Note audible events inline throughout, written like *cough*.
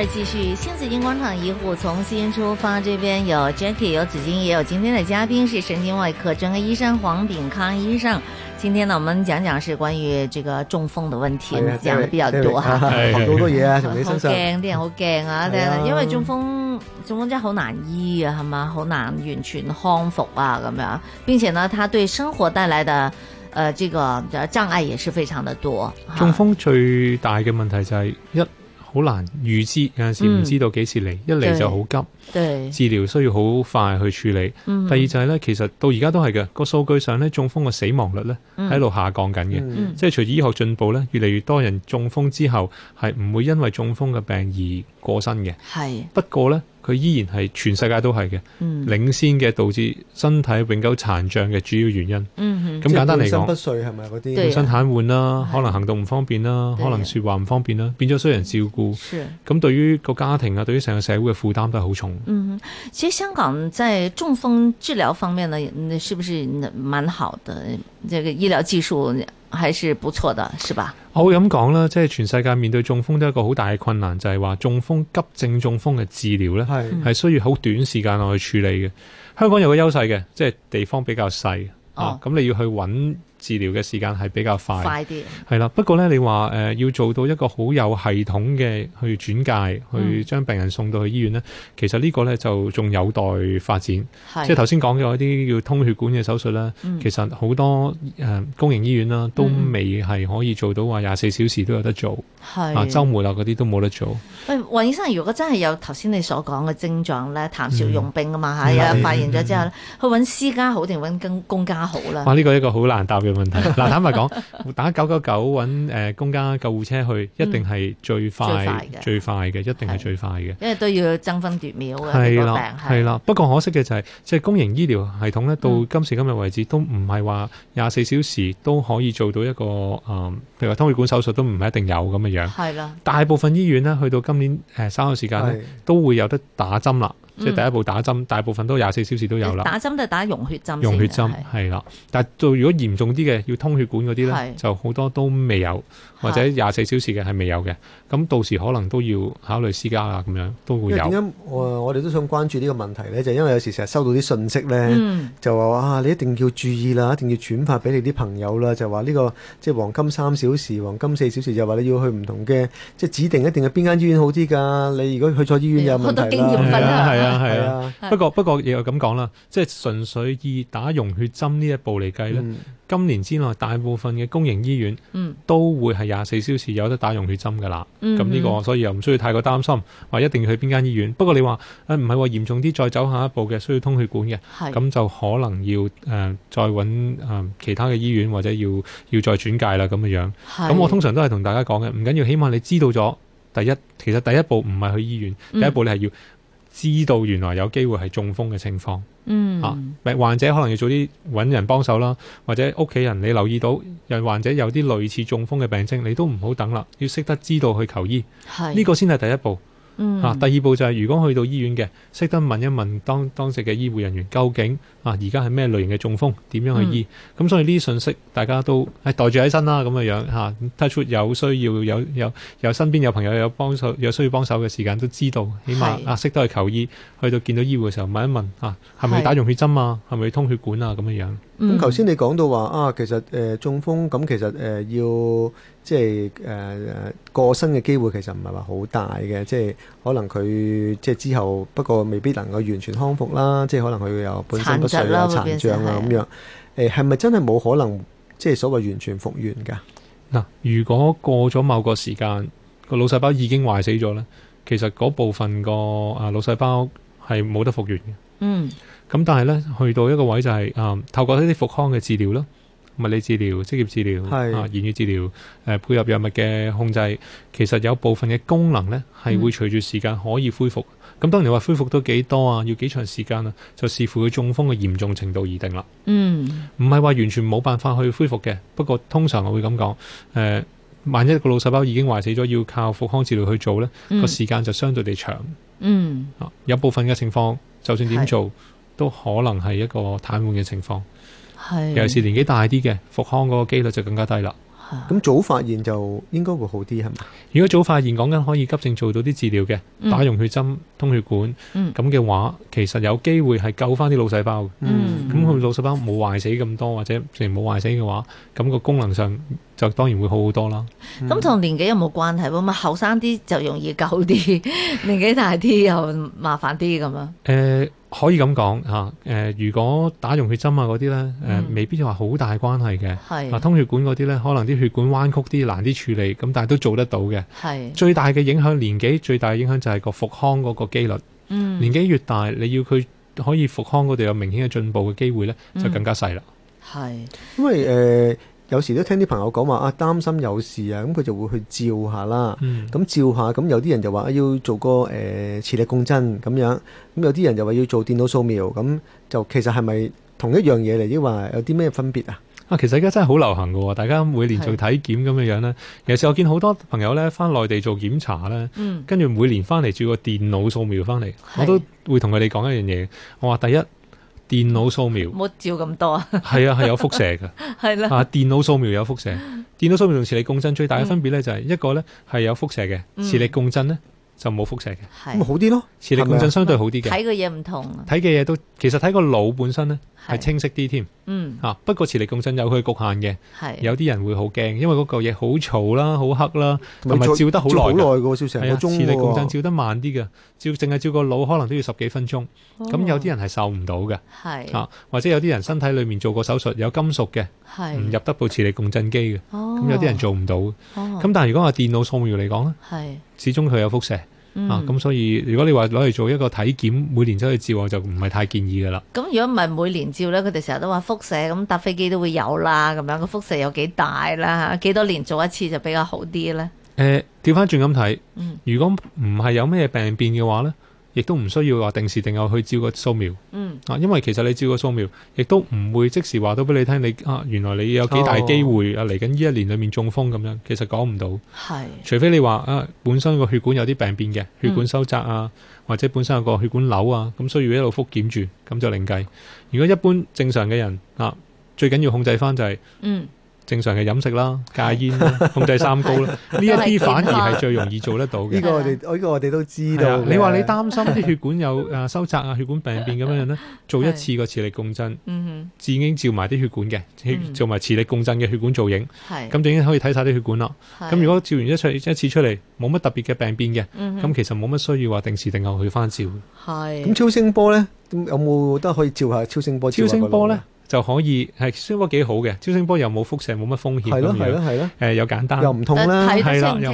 再繼續，新紫荊廣場醫護重新出發，這邊有 Jackie，有紫荊，也有今天的嘉賓是神經外科專科醫生黃秉康醫生。今天呢，我們講講是關於這個中風的問題，哎、呀講的比較多啊。好多嘢啊，好驚的，啲人好驚啊，因為中風，中風真係好難醫啊，係嘛？好難完全康復啊，咁樣，並且呢，他對生活帶來的呃這個障礙也是非常的多。中風最大嘅問題就係、是、一。嗯好難預知，有陣時唔知道幾時嚟，嗯、一嚟就好急，對對治療需要好快去處理。嗯、第二就係、是、咧，其實到而家都係嘅，個數據上咧，中風嘅死亡率咧喺度下降緊嘅，嗯嗯、即係隨住醫學進步咧，越嚟越多人中風之後係唔會因為中風嘅病而過身嘅。係是不過咧。佢依然係全世界都係嘅，嗯、領先嘅導致身體永久殘障嘅主要原因。咁、嗯、哼簡單嚟講，半身不遂係咪啲？啊、半身癱瘓啦，的可能行動唔方便啦、啊，的可能說話唔方便啦、啊，對變咗需人照顧。咁的對於個家庭啊，對於成個社會嘅負擔都係好重。嗯，其實香港在中風治療方面呢，那是不是那蠻好的？這個醫療技術。還是不錯的，是吧？我會咁講啦，即係全世界面對中風都係一個好大嘅困難，就係、是、話中風急症中風嘅治療咧，係係是需要好短時間內去處理嘅。香港有個優勢嘅，即係地方比較細、哦、啊，咁你要去揾。治療嘅時間係比較快，啲點，係啦。不過咧，你話誒、呃、要做到一個好有系統嘅去轉介，嗯、去將病人送到去醫院咧，其實這個呢個咧就仲有待發展。是即係頭先講嘅一啲叫通血管嘅手術咧，嗯、其實好多誒、呃、公營醫院啦，都未係可以做到話廿四小時都有得做，嗯、啊週末啊嗰啲都冇得做。喂，黃醫生，如果真係有頭先你所講嘅症狀咧，談笑用兵、用冰、嗯、啊嘛嚇，發現咗之後咧，嗯、去揾私家好定揾公公家好啦？哇，呢個一個好難答。問題嗱， *laughs* 坦白講，打九九九揾誒，公家救護車去，一定係最快、嗯、最快嘅，一定係最快嘅，因為都要爭分奪秒係啦，係啦的。不過可惜嘅就係、是，即、就、係、是、公營醫療系統咧，到今時今日為止，嗯、都唔係話廿四小時都可以做到一個、呃、譬如話通血管手術都唔係一定有咁嘅樣,的樣。係啦的，大部分醫院呢去到今年誒、呃、三個時間咧，的都會有得打針啦。嗯、即係第一步打針，大部分都廿四小時都有啦。打針都係打溶血針。溶血針係啦，但係做如果嚴重啲嘅，要通血管嗰啲咧，是的 就好多都未有，或者廿四小時嘅係未有嘅。咁是的 到時可能都要考慮私家啦，咁樣都會有。因為點解、呃、我哋都想關注呢個問題咧？就是、因為有時成日收到啲信息咧，嗯、就話哇、啊，你一定要注意啦，一定要轉發俾你啲朋友啦。就話呢、呢個即係黃金三小時、黃金四小時，就話你要去唔同嘅即係指定一定係邊間醫院好啲㗎。你如果去錯醫院有問題啦。好多經驗分、啊係啊，啊，啊，啊不過，不過不過，又咁講啦，即係純粹以打溶血針呢一步嚟計咧，嗯、今年之內大部分嘅公營醫院都會係廿四小時有得打溶血針噶啦。咁呢、嗯、哼個所以又唔需要太過擔心，話一定要去邊間醫院。不過你話誒，唔係話嚴重啲再走下一步嘅，需要通血管嘅，咁是就可能要誒、呃、再搵誒、呃、其他嘅醫院或者要要再轉介啦，咁嘅樣。咁是我通常都係同大家講嘅，唔緊要，起碼你知道咗。第一，其實第一步唔係去醫院，第一步你係要。嗯知道原來有機會係中風嘅情況，嗯、啊，患者可能要早啲揾人幫手啦，或者屋企人，你留意到人患者有啲類似中風嘅病症，你都唔好等啦，要識得知道去求醫，呢是個先係第一步。嗯，第二步就係如果去到醫院嘅，識得問一問當當時嘅醫護人員究竟，啊，而家係咩類型嘅中風，點樣去醫？咁、嗯、所以呢啲信息大家都係袋住喺身啦、啊，咁嘅樣嚇，睇、啊、得出有需要，有有有身邊有朋友有幫手，有需要幫手嘅時間都知道，起碼啊識是、啊、得去求醫，去到見到醫護嘅時候問一問啊係咪要打溶血針啊？係咪是要通血管啊？咁樣樣。咁頭先你講到話啊，其實、呃、中風咁，其實、呃、要即係誒誒過身嘅機會其實唔係話好大嘅，即係可能佢即係之後不過未必能夠完全康復啦，即係障的可能佢又本身有殘障啊咁樣。誒係咪真係冇可能即係所謂完全復原㗎？嗱，如果過咗某個時間個腦細胞已經壞死咗咧，其實嗰部分個啊腦細胞係冇得復原嘅。嗯。咁但係咧，去到一個位就係、是、啊，透過一啲復康嘅治療咯，物理治療、職業治療、是啊言語治療，呃、配合藥物嘅控制，其實有部分嘅功能咧係會隨住時間可以恢復。咁、嗯啊、當然話恢復到幾多啊？要幾長時間啊？就視乎佢中風嘅嚴重程度而定啦。嗯，唔係話完全冇辦法去恢復嘅，不過通常我會咁講誒。萬一個腦細胞已經壞死咗，要靠復康治療去做咧，個、嗯、時間就相對地長。嗯、啊，有部分嘅情況，就算點做，都可能係一個癱瘓嘅情況，是尤其是年紀大啲嘅，復康嗰個幾率就更加低啦。咁早發現就應該會好啲，係嘛？如果早發現，講緊可以急症做到啲治療嘅，打溶血針、嗯、通血管，咁嘅、嗯、話，其實有機會係救翻啲腦細胞。咁佢腦細胞冇壞死咁多，或者甚至冇壞死嘅話，咁、咁個功能上就當然會好好多啦。咁同、嗯、年紀有冇關係？咁啊，後生啲就容易救啲，年紀大啲又麻煩啲咁啊？誒、欸。可以咁講嚇，誒如果打溶血針啊嗰啲咧，誒、嗯、未必話好大關係嘅。係是，嗱通血管嗰啲咧，可能啲血管彎曲啲，難啲處理，咁但係都做得到嘅。係是，最大嘅影響年紀，最大嘅影響就係個復康嗰個機率。嗯，年紀越大，你要佢可以復康，嗰度有明顯嘅進步嘅機會咧，就更加細啦。係、嗯，因為誒。呃有時都聽啲朋友講話啊，擔心有事啊，咁佢就會去照下啦。咁照下，咁、嗯、有啲人就話要做個誒、呃、磁力共振咁樣，咁有啲人就話要做電腦掃描，咁就其實係咪同一樣嘢嚟？抑或有啲咩分別啊？啊，其實而家真係好流行㗎喎，大家每年做體檢咁樣樣呢。有時的我見好多朋友呢翻內地做檢查呢，跟住、嗯、每年翻嚟做個電腦掃描翻嚟，的我都會同佢哋講一樣嘢，我話第一。電腦掃描冇照咁多係啊，係啊，係有輻射嘅，係啦 *laughs* 的，啊，電腦掃描有輻射， *laughs* 電腦掃描同磁力共振最大嘅分別咧就係一個咧係有輻射嘅，嗯、磁力共振咧就冇輻射嘅，咁咪、嗯、好啲咯，的磁力共振相對好啲嘅，睇嘅嘢唔同，睇嘅嘢都其實睇個腦本身咧係的清晰啲添。嗯，啊，不過磁力共振有佢局限嘅，是有啲人會好驚，因為嗰嚿嘢好嘈啦，好黑啦，同埋照得好耐、啊哎、磁力共振照得慢啲嘅，照淨係照個腦可能都要十幾分鐘，咁、哦、有啲人係受唔到嘅，係是啊，或者有啲人身體裏面做過手術有金屬嘅，係唔是入得部磁力共振機嘅，哦，咁有啲人做唔到，哦，咁但係如果話電腦掃描嚟講咧，係是始終佢有輻射。嗯、啊，咁所以如果你話攞嚟做一個體檢，每年出去照我就唔係太建議噶啦。咁、嗯、如果唔係每年照咧，佢哋成日都話輻射，咁、嗯、搭飛機都會有啦，咁樣個輻射有幾大啦？吓，幾多年做一次就比較好啲咧？誒、欸，調翻轉咁睇，嗯、如果唔係有咩病變嘅話咧，亦都唔需要話定時定候去照個掃描，啊、嗯，因為其實你照個掃描，亦都唔會即時話到俾你聽，你啊，原來你有幾大機會、哦、啊嚟緊呢一年裏面中風咁樣，其實講唔到，係是除非你話啊，本身個血管有啲病變嘅，血管收窄啊，嗯、或者本身有個血管瘤啊，咁需要一路複檢住，咁就另計。如果一般正常嘅人啊，最緊要控制翻就係、是。嗯正常嘅飲食啦，戒煙啦， *laughs* 控制三高啦，呢一啲反而係最容易做得到嘅。呢個我哋呢、呢個我哋都知道、啊。你話你擔心啲血管有誒收窄啊、 *laughs* 血管病變咁樣樣咧，做一次個磁力共振，嗯哼，照埋啲血管嘅，照埋磁力共振嘅血管造影，係， *laughs* 就已經可以睇晒啲血管咯。咁 *laughs* 是 如果照完一出一次出嚟，冇乜特別嘅病變嘅，咁 *laughs* 其實冇乜需要話定時定候去翻照 *laughs* 是 那。係。咁超聲波咧，有冇得可以照下超聲波，超聲波？超聲波咧？就可以，係超聲波幾好嘅，超聲波又冇輻射，冇乜風險。係咯係咯係咯，誒又簡單，又唔痛啦，係啦，又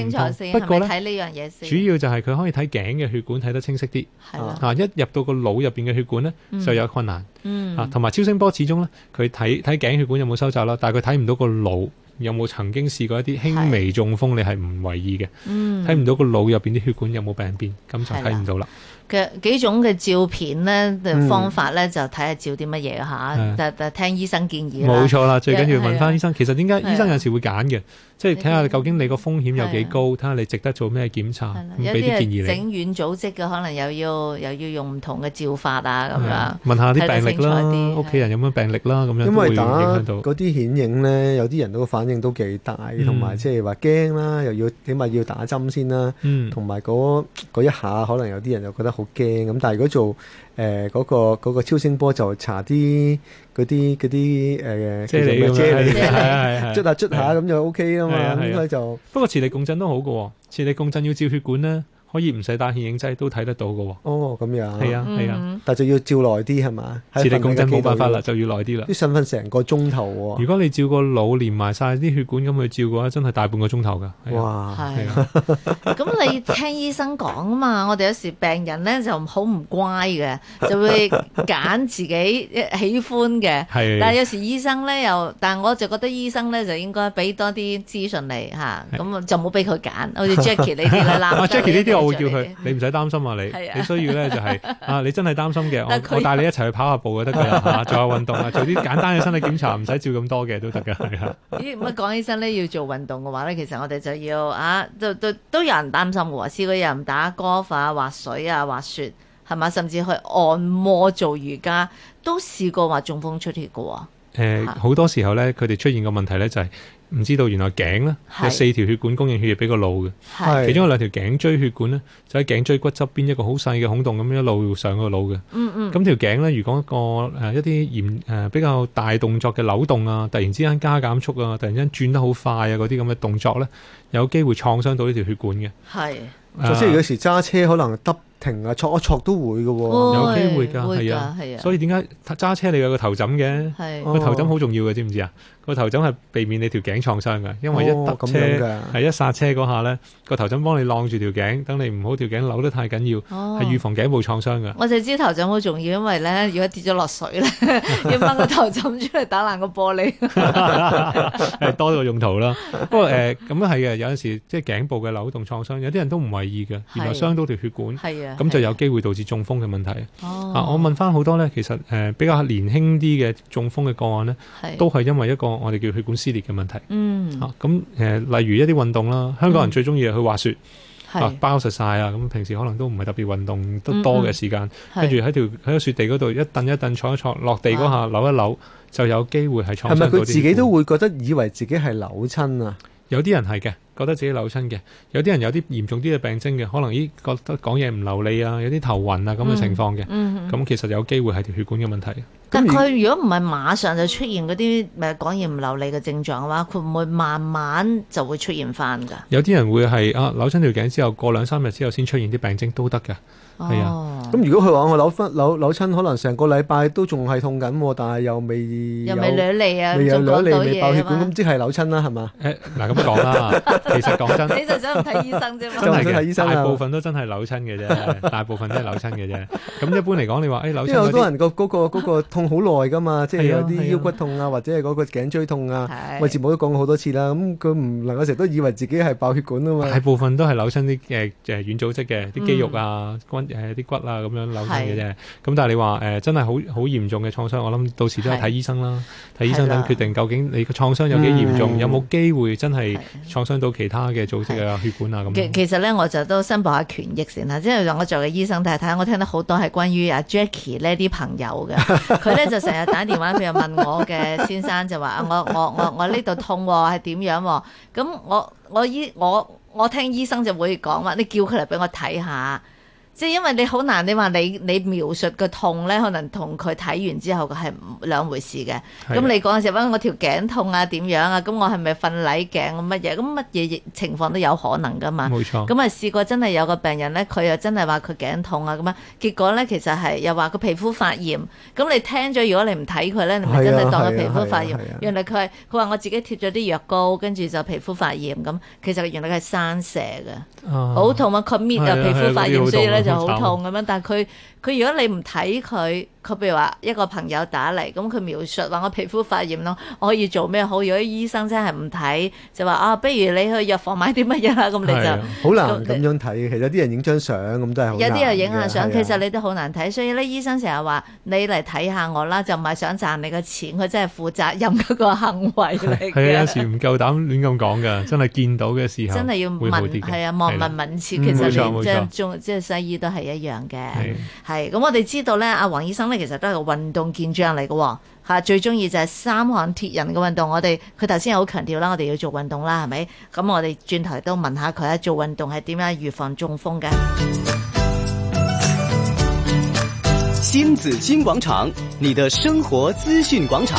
不過睇呢樣嘢先。主要就係佢可以睇頸嘅血管睇得清晰啲，係啦，啊一入到個腦入邊嘅血管咧就有困難，嗯，啊同埋超聲波始終咧佢睇睇頸血管有冇收窄啦，但係佢睇唔到個腦有冇曾經試過一啲輕微中風，你係唔為意嘅，嗯，睇唔到個腦入邊啲血管有冇病變，咁就睇唔到啦。嘅幾種嘅照片咧，方法咧就睇下照啲乜嘢吓，但就聽醫生建議冇錯啦，最緊要問翻醫生。其實點解醫生有時會揀嘅，即係睇下究竟你個風險有幾高，睇下你值得做咩檢查，俾啲建議你。整軟組織嘅，可能又要又要用唔同嘅照法啊，咁樣。問下啲病歷啦，屋企人有乜病歷啦，咁樣。因為打嗰啲顯影咧，有啲人都反應都幾大，同埋即係話驚啦，又要起碼要打針先啦，同埋嗰一下可能有啲人又覺得。好驚咁，但係如果做誒嗰、呃嗰個嗰個超聲波就搽啲嗰啲嗰啲誒，即係咩啫喱？捽下捽下咁的就 OK 啊嘛，應該就不過磁力共振都好嘅喎，磁力共振要照血管咧。可以唔使打顯影劑都睇得到嘅喎。哦，咁樣係啊係啊，啊嗯、但就要照耐啲係嘛。磁力共振冇辦法啦，就要耐啲啦。要瞓瞓成個鐘頭喎。如果你照個腦連埋晒啲血管咁去照嘅話，真係大半個鐘頭噶。是啊、哇，係、啊。咁 *laughs* 你聽醫生講啊嘛，我哋有時候病人咧就好唔乖嘅，就會揀自己喜歡嘅。 *laughs* 但係有時醫生咧又，但係我就覺得醫生咧就，就應該俾多啲資訊你吓，咁就冇俾佢揀。好似 Jackie 呢啲咧直，啦。Jackie 呢啲我叫佢，你唔使擔心啊！你啊你需要咧就係、是、 *laughs* 啊，你真係擔心嘅，他我我帶你一齊去跑下步就得噶啦，吓做下運動啊，做啲簡單嘅身體檢查，唔使 *laughs* 照咁多嘅都得嘅，係、啊、咦，咁啊講起身咧，要做運動嘅話咧，其實我哋就要啊，就就都，都有人擔心，我試過有人打 golf、滑水啊、滑雪，係嘛，甚至去按摩、做瑜伽，都試過話中風出血㗎喎。誒、啊，好、呃、多時候咧，佢哋出現嘅問題咧就係、是。唔知道原來頸咧有四條血管供應血液俾個腦嘅，其中有兩條頸椎血管咧，就喺頸椎骨側邊一個好細嘅孔洞咁樣一路上個腦嘅。咁、嗯嗯、條頸咧，如果一個誒一啲嚴誒比較大動作嘅扭動啊，突然之間加減速啊，突然間轉得好快啊，嗰啲咁嘅動作咧，有機會創傷到呢條血管嘅。係是，呃、就即係有時揸車可能得。停啊，挫啊挫都會喎。有機會噶，係啊，所以點解揸車你有個頭枕嘅？係個頭枕好重要嘅，知唔知啊？個頭枕係避免你條頸創傷㗎，因為一得咁係一剎車嗰下咧，個頭枕幫你晾住條頸，等你唔好條頸扭得太緊要，係預防頸部創傷㗎。我就知頭枕好重要，因為咧，如果跌咗落水咧，要掹個頭枕出嚟打爛個玻璃，係多咗個用途啦。不過誒，咁樣係嘅，有陣時即係頸部嘅扭動創傷，有啲人都唔為意嘅，原來傷到條血管。咁就有機會導致中風嘅問題。哦啊、我問翻好多呢，其實、呃、比較年輕啲嘅中風嘅個案呢，是都係因為一個我哋叫血管撕裂嘅問題。嗯。咁、啊呃、例如一啲運動啦，香港人最中意去滑雪，包實晒啊，咁、啊、平時可能都唔係特別運動得多嘅時間，跟住喺條喺個雪地嗰度一蹬一蹬坐一坐，落地嗰下扭一扭，啊、就有機會係創傷到啲。係咪佢自己都會覺得以為自己係扭親啊？有啲人係嘅，覺得自己扭親嘅；有啲人有啲嚴重啲嘅病徵嘅，可能依覺得講嘢唔流利啊，有啲頭暈啊咁嘅情況嘅。咁、嗯嗯、其實有機會係條血管嘅問題。但佢如果唔係馬上就出現嗰啲誒講嘢唔流利嘅症狀嘅話，佢唔會慢慢就會出現返㗎。有啲人會係啊扭親條頸之後，過兩三日之後先出現啲病徵都得㗎。係啊，咁如果佢話我扭翻扭扭親，可能成個禮拜都仲係痛緊，但係又未又未兩脷啊，未有兩脷未爆血管，咁即係扭親啦，係嘛？誒，嗱咁講啦，其實講真，你就想唔睇醫生啫嘛，真係嘅。大部分都真係扭親嘅啫，大部分都係扭親嘅啫。咁一般嚟講，你話誒扭，因為好多人個嗰個嗰個痛好耐噶嘛，即係有啲腰骨痛啊，或者係嗰個頸椎痛啊。我，節目都講過好多次啦，咁佢唔能夠成日都以為自己係爆血管啊嘛。大部分都係扭親啲誒誒軟組織嘅，啲肌肉啊，關。誒啲、呃、骨啊，咁樣扭住嘅啫。咁是但係你話誒、呃，真係好好嚴重嘅創傷，我諗到時都係睇醫生啦，睇是醫生等決定究竟你個創傷有幾嚴重，的有冇機會真係創傷到其他嘅組織啊、的血管啊咁。其實咧，我就都申報下權益先啦，因、就、為、是、我做嘅醫生睇睇，下我聽到好多係關於阿 Jacky 呢啲朋友嘅，佢咧就成日打電話，佢又問我嘅先生 *laughs* 就話：我我我我呢度痛係、啊、點樣、啊？咁我我醫我我聽醫生就會講話，你叫佢嚟俾我睇下。即係因為你好難你說你，你話你你描述個痛咧，可能同佢睇完之後嘅係兩回事嘅。咁是、啊嗯、你講嘅時候，我條頸痛啊點樣啊？咁、嗯、我係咪瞓矮頸乜嘢？咁乜嘢情況都有可能㗎嘛？咁啊試過真係有個病人咧，佢又真係話佢頸痛啊咁啊。結果咧其實係又話佢皮膚發炎。咁、嗯、你聽咗，如果你唔睇佢咧，你咪真係當佢皮膚發炎。原來佢係佢話我自己貼咗啲藥膏，跟住就皮膚發炎咁、嗯。其實原來係生蛇嘅，好、啊、痛啊！佢搣是啊皮膚發炎，是啊是啊啊、所以咧。就好痛咁樣，但係佢。佢如果你唔睇佢，佢譬如話一個朋友打嚟，咁佢描述話我皮膚發炎咯，我可以做咩好？如果醫生真係唔睇，就話啊，不如你去藥房買啲乜嘢啦。咁你就好難咁樣睇。其實有啲人影張相咁都係有啲人影下相，其實你都好難睇。的所以咧，醫生成日話你嚟睇下我啦，就唔係想賺你嘅錢，佢真係負責任嗰個行為嚟嘅。係啊，有時唔夠膽亂咁講噶，真係見到嘅時候 *laughs* 真係要問，係啊，望聞問切。的其實你即係中即係西醫都係一樣嘅。係咁，我哋知道咧，阿王醫生咧，其實都係個運動健將嚟嘅。哦，嚇最中意就係三項鐵人嘅運動。我哋佢頭先好強調啦，我哋要做運動啦，係咪？咁我哋轉頭都問下佢啊，做運動係點樣預防中風嘅？新紫金廣場，你的生活資訊廣場。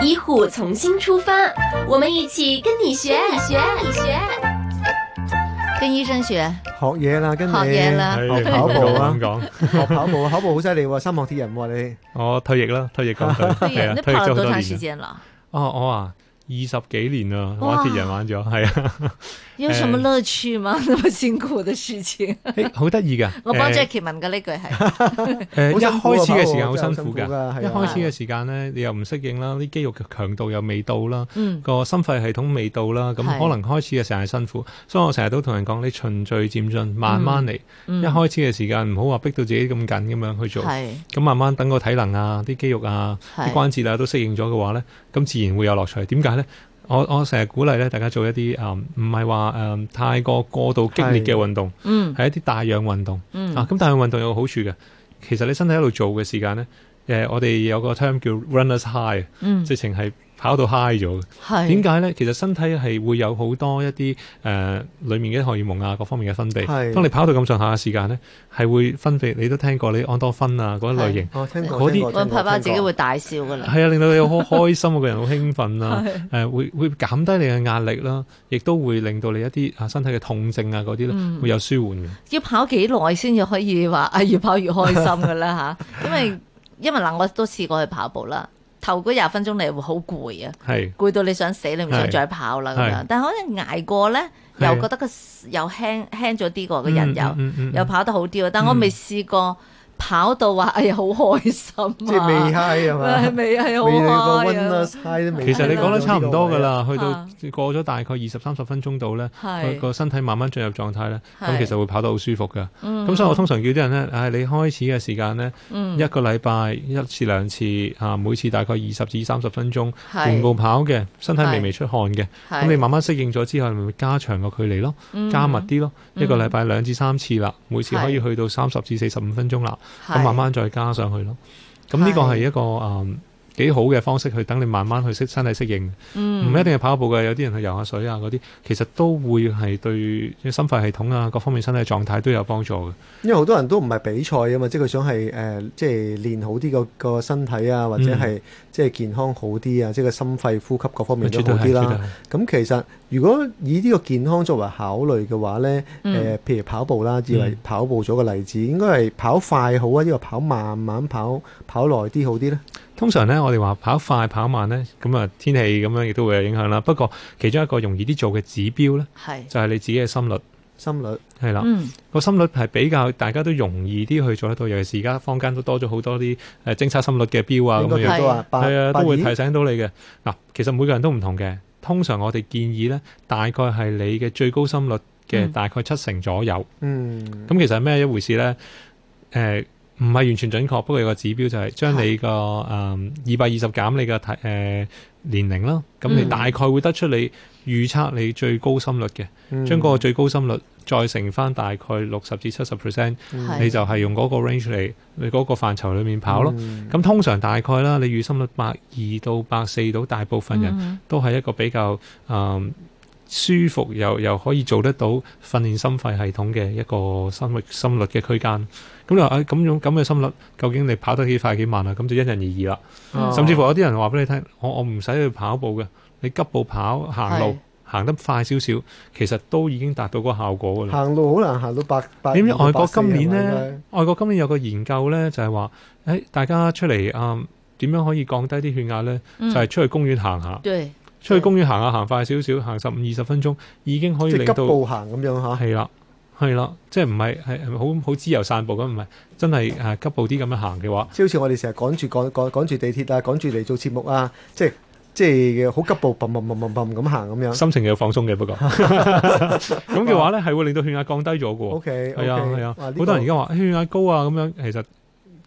醫護從新出發，我們一起跟你學，學你學，跟你學，跟醫生學。學嘢啦，跟你，學,學跑步啦。我咁講，學跑步啊，跑步好犀利喎，三項鐵人喎、啊、你。我退役啦，退役咁，係啊，你跑咗多長時間啦。 *laughs* 哦，我啊。二十幾年啦，玩鐵人玩咗，係啊！有什麼樂趣嗎？咁辛苦嘅事情，好得意㗎！我幫 Jackie 問嘅呢句係誒，一開始嘅時間好辛苦㗎，一開始嘅時間咧，你又唔適應啦，啲肌肉強度又未到啦，個心肺系統未到啦，咁可能開始嘅時候係辛苦，所以我成日都同人講，你循序漸進，慢慢嚟。一開始嘅時間唔好話逼到自己咁緊咁樣去做，咁慢慢等個體能啊、啲肌肉啊、啲關節啊都適應咗嘅話咧。咁自然會有樂趣，點解咧？我我成日鼓勵咧，大家做一啲誒，唔係話誒太過過度激烈嘅運動，嗯的，係一啲大氧運動，嗯，啊，咁大氧運動有個好處嘅，其實你身體喺度做嘅時間咧。誒，我哋有個 term 叫 runners high，直情係跑到 high 咗。點解咧？其實身體係會有好多一啲誒，裡面嘅荷爾蒙啊，各方面嘅分泌。當你跑到咁上下嘅時間咧，係會分泌。你都聽過你安多芬啊嗰一類型。我聽過。嗰啲拍跑自己會大笑㗎啦。係啊，令到你好開心啊，個人好興奮啊，誒，會會減低你嘅壓力啦，亦都會令到你一啲啊身體嘅痛症啊嗰啲咧，會有舒緩嘅。要跑幾耐先至可以話啊？越跑越開心㗎啦吓！因為。因為嗱，我都試過去跑步啦，頭嗰廿分鐘你會好攰啊，攰是到你想死，你唔想再跑啦咁是樣。但係可能捱過咧，是又覺得個又輕輕咗啲，個個人又、嗯嗯嗯、又跑得好啲。嗯、但我未試過。跑到話，哎呀，好開心啊！即係未 high 係嘛？未 high 好 high 啊！其實你講得差唔多噶啦，去到過咗大概二十三十分鐘度咧，個身體慢慢進入狀態咧，咁其實會跑得好舒服嘅。咁所以我通常叫啲人咧，唉，你開始嘅時間咧，一個禮拜一次兩次啊，每次大概二十至三十分鐘全部跑嘅，身體微微出汗嘅，咁你慢慢適應咗之後，咪會加長個距離咯，加密啲咯，一個禮拜兩至三次啦，每次可以去到三十至四十五分鐘啦。咁慢慢再加上去咯，咁呢個係一個誒，的幾好嘅方式去等你慢慢去適身體適應，唔、嗯、一定係跑步嘅，有啲人去游下水啊嗰啲，其實都會係對心肺系統啊各方面身體狀態都有幫助嘅。因為好多人都唔係比賽啊嘛，即係佢想係誒、呃，即係練好啲個身體啊，或者係、嗯、即係健康好啲啊，即係個心肺呼吸各方面都好啲啦。咁其實如果以呢個健康作為考慮嘅話咧，誒、嗯呃，譬如跑步啦，以為跑步做個例子，嗯、應該係跑快好啊，呢個跑慢慢跑跑耐啲好啲咧？通常咧，我哋話跑快跑慢咧，咁啊天氣咁樣亦都會有影響啦。不過其中一個容易啲做嘅指標咧，係是就係你自己嘅心率。心率係啦，個了、嗯、心率係比較大家都容易啲去做得到。尤其是而家坊間都多咗好多啲誒，偵、呃、測心率嘅標又啊，咁樣樣都啊，係啊，都會提醒到你嘅。嗱二，其實每個人都唔同嘅。通常我哋建議咧，大概係你嘅最高心率嘅大概七成左右。嗯，咁、嗯、其實係咩一回事咧？誒、呃。唔係完全準確，不過有個指標就係將你個誒二百二十減你嘅提誒年齡咯，咁是你大概會得出你預測你最高心率嘅，將、嗯、個最高心率再乘翻大概六十至七十 percent，你就係用嗰個 range 嚟，你嗰個範疇裡面跑咯。咁、嗯、通常大概啦，你預心率百二到百四到大部分人都係一個比較誒。嗯嗯舒服又又可以做得到訓練心肺系統嘅一個心率心率嘅區間，咁你話啊咁樣咁嘅心率，究竟你跑得幾快幾慢啊？咁就因人而異啦。嗯、甚至乎有啲人話俾你聽、哦，我我唔使去跑步嘅，你急步跑、行路是行得快少少，其實都已經達到嗰個效果㗎啦。行路好難行到八百點樣？外國今年呢？8, 8, 4, 外國今年有個研究呢，就係話誒，大家出嚟啊，點、呃、樣可以降低啲血壓呢？嗯、就係出去公園行下。對出去公園行下，行快少少，行十五二十分鐘，已經可以令到急步行咁樣吓。係啦，係啦，即係唔係係好好自由散步咁？唔係真係誒急步啲咁樣行嘅話，即係好似我哋成日趕住趕趕趕住地鐵啊，趕住嚟做節目啊，即係即係好急步，冧冧冧冧冧咁行咁樣。心情又放鬆嘅，不過咁嘅 *laughs* *laughs* 話咧，係會令到血壓降低咗嘅。O K，係啊係啊，好多人而家話血壓高啊咁樣，其實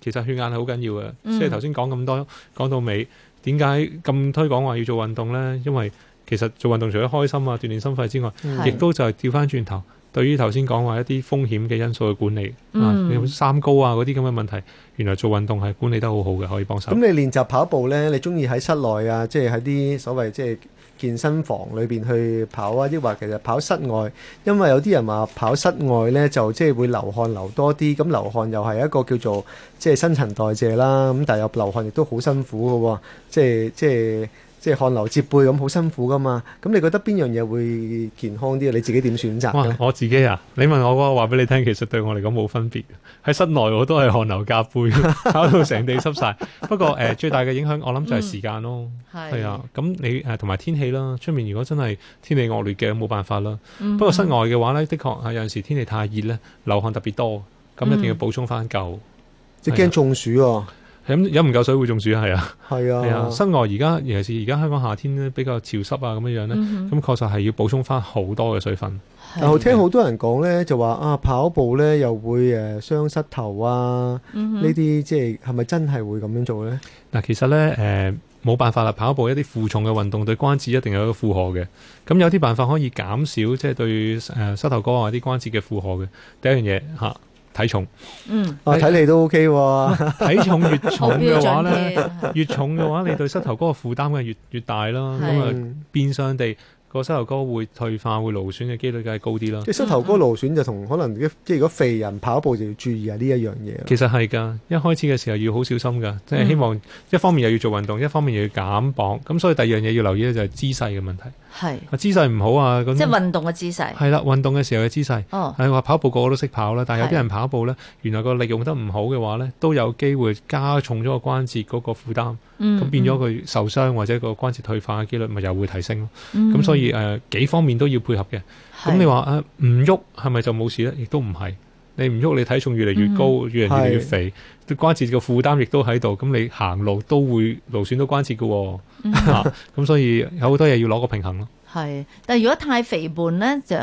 其實血壓係好緊要嘅，嗯、即係頭先講咁多講到尾。點解咁推廣話要做運動呢？因為其實做運動除咗開心啊、鍛鍊心肺之外，亦都、嗯、就係調翻轉頭，對於頭先講話一啲風險嘅因素去管理、嗯、啊，三高啊嗰啲咁嘅問題，原來做運動係管理得好好嘅，可以幫手。咁你練習跑步呢，你中意喺室內啊，即係喺啲所謂即係。健身房裏邊去跑啊，抑或其實跑室外，因為有啲人話跑室外咧就即係會流汗流多啲，咁流汗又係一個叫做即係、即係、新陳代謝啦，咁但係又流汗亦都好辛苦嘅喎，即係即係。即係即係即係汗流浹背咁，好辛苦噶嘛。咁你覺得邊樣嘢會健康啲？你自己點選擇？我自己啊，你問我嗰個話俾你聽，其實對我嚟講冇分別。喺室內我都係汗流浹背，搞 *laughs* 到成地濕晒。 *laughs* 不過誒、呃，最大嘅影響我諗就係時間咯。係、嗯、啊，咁你誒同埋天氣啦。出面如果真係天氣惡劣嘅，冇辦法啦。嗯嗯，不過室外嘅話咧，的確係有陣時天氣太熱咧，流汗特別多，咁一定要補充翻夠。即係驚中暑喎、啊。飲唔夠水會中暑啊，係啊，係啊，室外而家尤其是而家香港夏天咧比較潮濕啊，咁樣呢，咧，咁確實係要補充翻好多嘅水分。但係、嗯、哼聽好多人講咧，就話啊跑步咧又會誒傷膝頭啊，呢啲、嗯、哼即係係咪真係會咁樣做咧？嗱，其實咧冇、呃、辦法啦，跑步一啲負重嘅運動對關節一定有一個負荷嘅。咁有啲辦法可以減少即係、就是、對誒、呃、膝頭哥啊啲關節嘅負荷嘅。第一樣嘢嚇體重，我睇、嗯啊、你都 O K，體重越重嘅話咧，要要越重嘅話，你對膝頭哥嘅負擔係越越大啦，咁啊是，變相地個膝頭哥會退化，會勞損嘅幾率梗係高啲啦、嗯。即係膝頭哥勞損就同可能即係如果肥人跑步就要注意下呢一樣嘢。其實係噶，一開始嘅時候要好小心噶，即、就、係、是、希望一方面又要做運動，一方面又要減磅，咁所以第二樣嘢要留意咧就係姿勢嘅問題。係，是姿勢唔好啊！咁即係運動嘅姿勢。係啦，運動嘅時候嘅姿勢。哦，係話、啊、跑步個個都識跑啦，但係有啲人跑步咧，是原來個力用得唔好嘅話咧，都有機會加重咗個關節嗰個負擔。咁、嗯、變咗佢受傷或者個關節退化嘅幾率，咪又會提升咯。咁、嗯、所以誒、呃、幾方面都要配合嘅。咁、嗯、你話誒唔喐係咪就冇事咧？亦都唔係。你唔喐，你體重越嚟越高，嗯、越嚟越，越肥，啲是關節個負擔亦都喺度。咁你行路都會勞損到關節噶、啊。咁、嗯啊、所以有好多嘢要攞個平衡咯、啊。係，但係如果太肥胖咧，就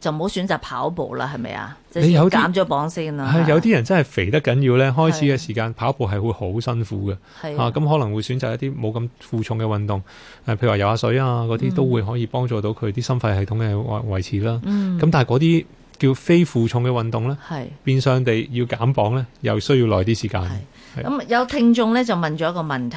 就唔好選擇跑步啦，係咪啊？減你有減咗磅先啦。有啲人真係肥得緊要咧，開始嘅時間是跑步係會好辛苦嘅。係啊。咁、啊、可能會選擇一啲冇咁負重嘅運動、啊，譬如話游下水啊那些，嗰啲、嗯、都會可以幫助到佢啲心肺系統嘅維持啦。嗯。咁、啊、但係嗰啲。叫非負重嘅運動咧，係是變相地要減磅咧，又需要耐啲時間。咁是是、嗯、有聽眾咧就問咗一個問題，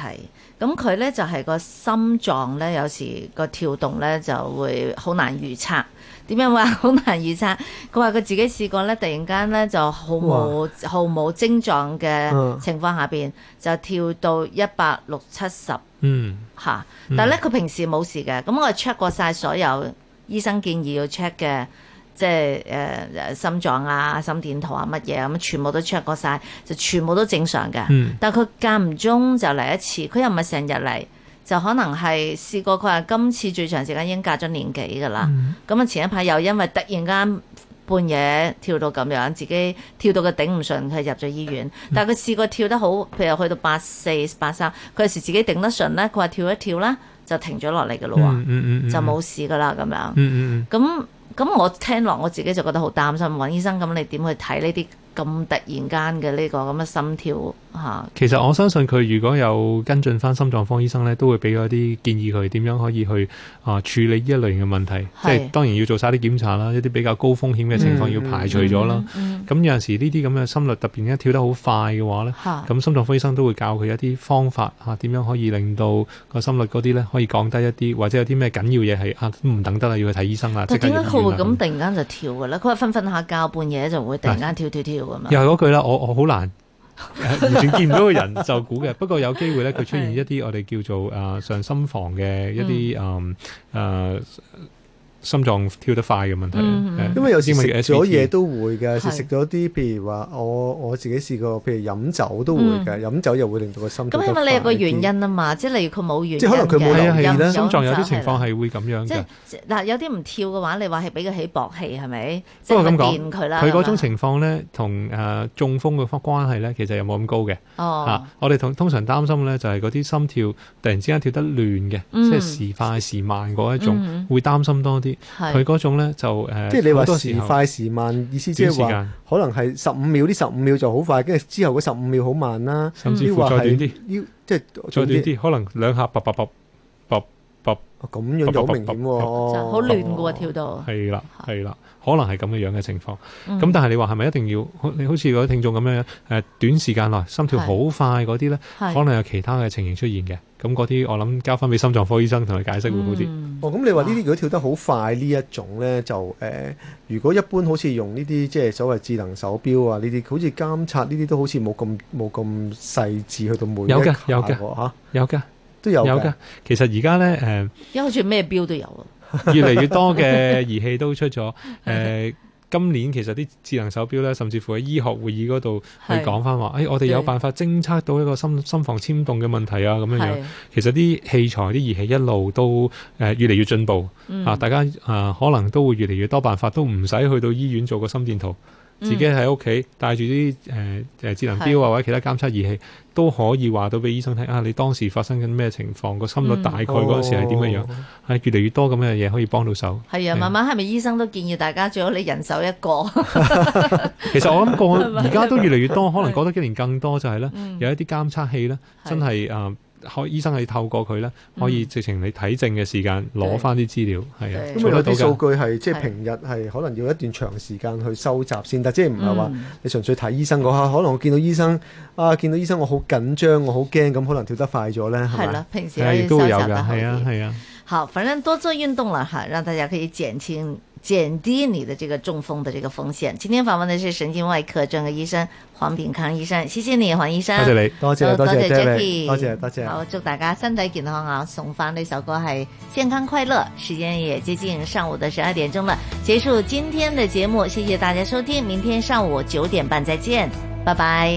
咁佢咧就係、是、個心臟咧，有時個跳動咧就會好難預測。點樣話好難預測？佢話佢自己試過咧，突然間咧就毫無哇毫無症狀嘅情況下邊哇就跳到一百六七十。嗯，嚇！但係咧佢平時冇事嘅，咁我 check 過晒所有醫生建議要 check 嘅。即係誒誒心臟啊、心電圖啊、乜嘢咁，全部都 check 過晒，就全部都正常嘅。嗯、但係佢間唔中就嚟一次，佢又唔係成日嚟，就可能係試過。佢話今次最長時間已經隔咗年幾㗎啦。咁啊、嗯，前一排又因為突然間半夜跳到咁樣，自己跳到佢頂唔順，佢入咗醫院。但係佢試過跳得好，譬如去到八四、八三，佢有時自己頂得順咧，佢話跳一跳啦，就停咗落嚟㗎啦，嗯嗯嗯、就冇事㗎啦咁樣。咁、嗯嗯嗯咁我聽落，我自己就覺得好擔心。揾醫生咁，你點去睇呢啲？咁突然間嘅呢個咁嘅心跳嚇，啊、其實我相信佢如果有跟進翻心臟科醫生咧，都會俾嗰啲建議佢點樣可以去啊處理呢一類型嘅問題。是即係當然要做晒啲檢查啦，一啲比較高風險嘅情況要排除咗啦。咁、嗯嗯嗯嗯、有陣時呢啲咁嘅心率突然間跳得好快嘅話咧，咁、啊、心臟科醫生都會教佢一啲方法嚇，點、啊、樣可以令到個心率嗰啲咧可以降低一啲，或者有啲咩緊要嘢係啊唔等得啦，要去睇醫生啦。但係點解佢會咁突然間就跳嘅咧？佢話瞓瞓下覺半夜就會突然間跳跳跳。是跳跳又係嗰句啦，我我好難、啊、完全見唔到個人就估嘅。 *laughs* 不過有機會咧，佢出現一啲我哋叫做啊、呃、上心房嘅一啲啊啊。嗯呃嗯心臟跳得快嘅問題，嗯嗯因為有時食咗嘢都會嘅，食咗啲，譬如話我我自己試過，譬如飲酒都會嘅，飲酒又會令到個心臟咁，因為、嗯嗯、你有個原因啊嘛，即係例如佢冇原因嘅，即係可能佢冇氣，心臟有啲情況係會咁樣嘅。嗱、嗯，有啲唔跳嘅話，你話係畀佢起搏器係咪？即係咁講，佢嗰種情況咧，同誒中風嘅關係咧，其實又冇咁高嘅。哦、嗯，我哋同通常擔心咧，就係嗰啲心跳突然之間跳得亂嘅，即係時快時慢嗰一種，會擔心多啲。嗯佢嗰是種咧就誒，即係你話時快時慢，時時意思即係話可能係十五秒呢，十五秒就好快，跟住之後嗰十五秒好慢啦。甚至乎再短啲要即係、就是、再短啲，可能兩下啪啪啪。咁、哦、樣有明顯、哦，喎、呃，好、呃、亂噶喎、哦、跳到。係啦，係啦，可能係咁嘅樣嘅情況。咁、嗯、但係你話係咪一定要？好，你好似個聽眾咁樣，誒、呃，短時間內心跳好快嗰啲咧，可能有其他嘅情形出現嘅。咁嗰啲我諗交翻俾心臟科醫生同佢解釋會好啲。嗯、哦，咁你話呢啲如果跳得好快呢、啊、一種咧，就誒、呃，如果一般好似用呢啲即係所謂智能手表啊呢啲，好似監察呢啲都好似冇咁冇咁細緻去到每有嘅有嘅吓，有嘅。都有嘅，其實現在呢、呃、而家咧，誒，而家好似咩表都有啊，越嚟越多嘅儀器都出咗。誒、 *laughs* 呃，今年其實啲智能手表咧，甚至乎喺醫學會議嗰度，去講翻話，誒、哎，我哋有辦法偵測到一個心心房纖動嘅問題啊，咁樣樣。的其實啲器材、啲儀器一路都誒越嚟越進步、嗯、啊，大家啊、呃、可能都會越嚟越多辦法，都唔使去到醫院做個心電圖。自己喺屋企帶住啲誒誒智能錶或者其他監測儀器，是都可以話到俾醫生睇啊！你當時發生緊咩情況？個心率大概嗰陣時係點樣樣？嗯哦啊、越嚟越多咁嘅嘢可以幫到手。係啊，係啊，慢慢係咪醫生都建議大家最好你人手一個？ *laughs* 其實我諗過，而家都越嚟越多，係係可能過得幾年更多就係、係、咧，是有一啲監測器咧，真係啊～開醫生係透過佢咧，可以直情你睇症嘅時間攞翻啲資料，係啊、嗯，因為嗰啲數據係即係平日係可能要一段長時間去收集先，但即係唔係話你純粹睇醫生嗰下，可能我見到醫生啊，見到醫生我好緊張，我好驚，咁可能跳得快咗咧，係嘛對，吧平時也都會有噶，係啊係啊。啊好，反正多做運動啦，吓，讓大家可以減輕。減低你的這個中風的這個風險。今天訪問的是神經外科專科醫生黃秉康醫生，謝謝你，黃醫生。多謝你，多謝你，多謝多謝 Jackie，多謝多謝。好，祝大家身體健康啊！送返呢首歌係健康快樂。時間也接近上午的十二點鐘了，結束今天的節目，謝謝大家收聽，明天上午九點半再見，拜拜。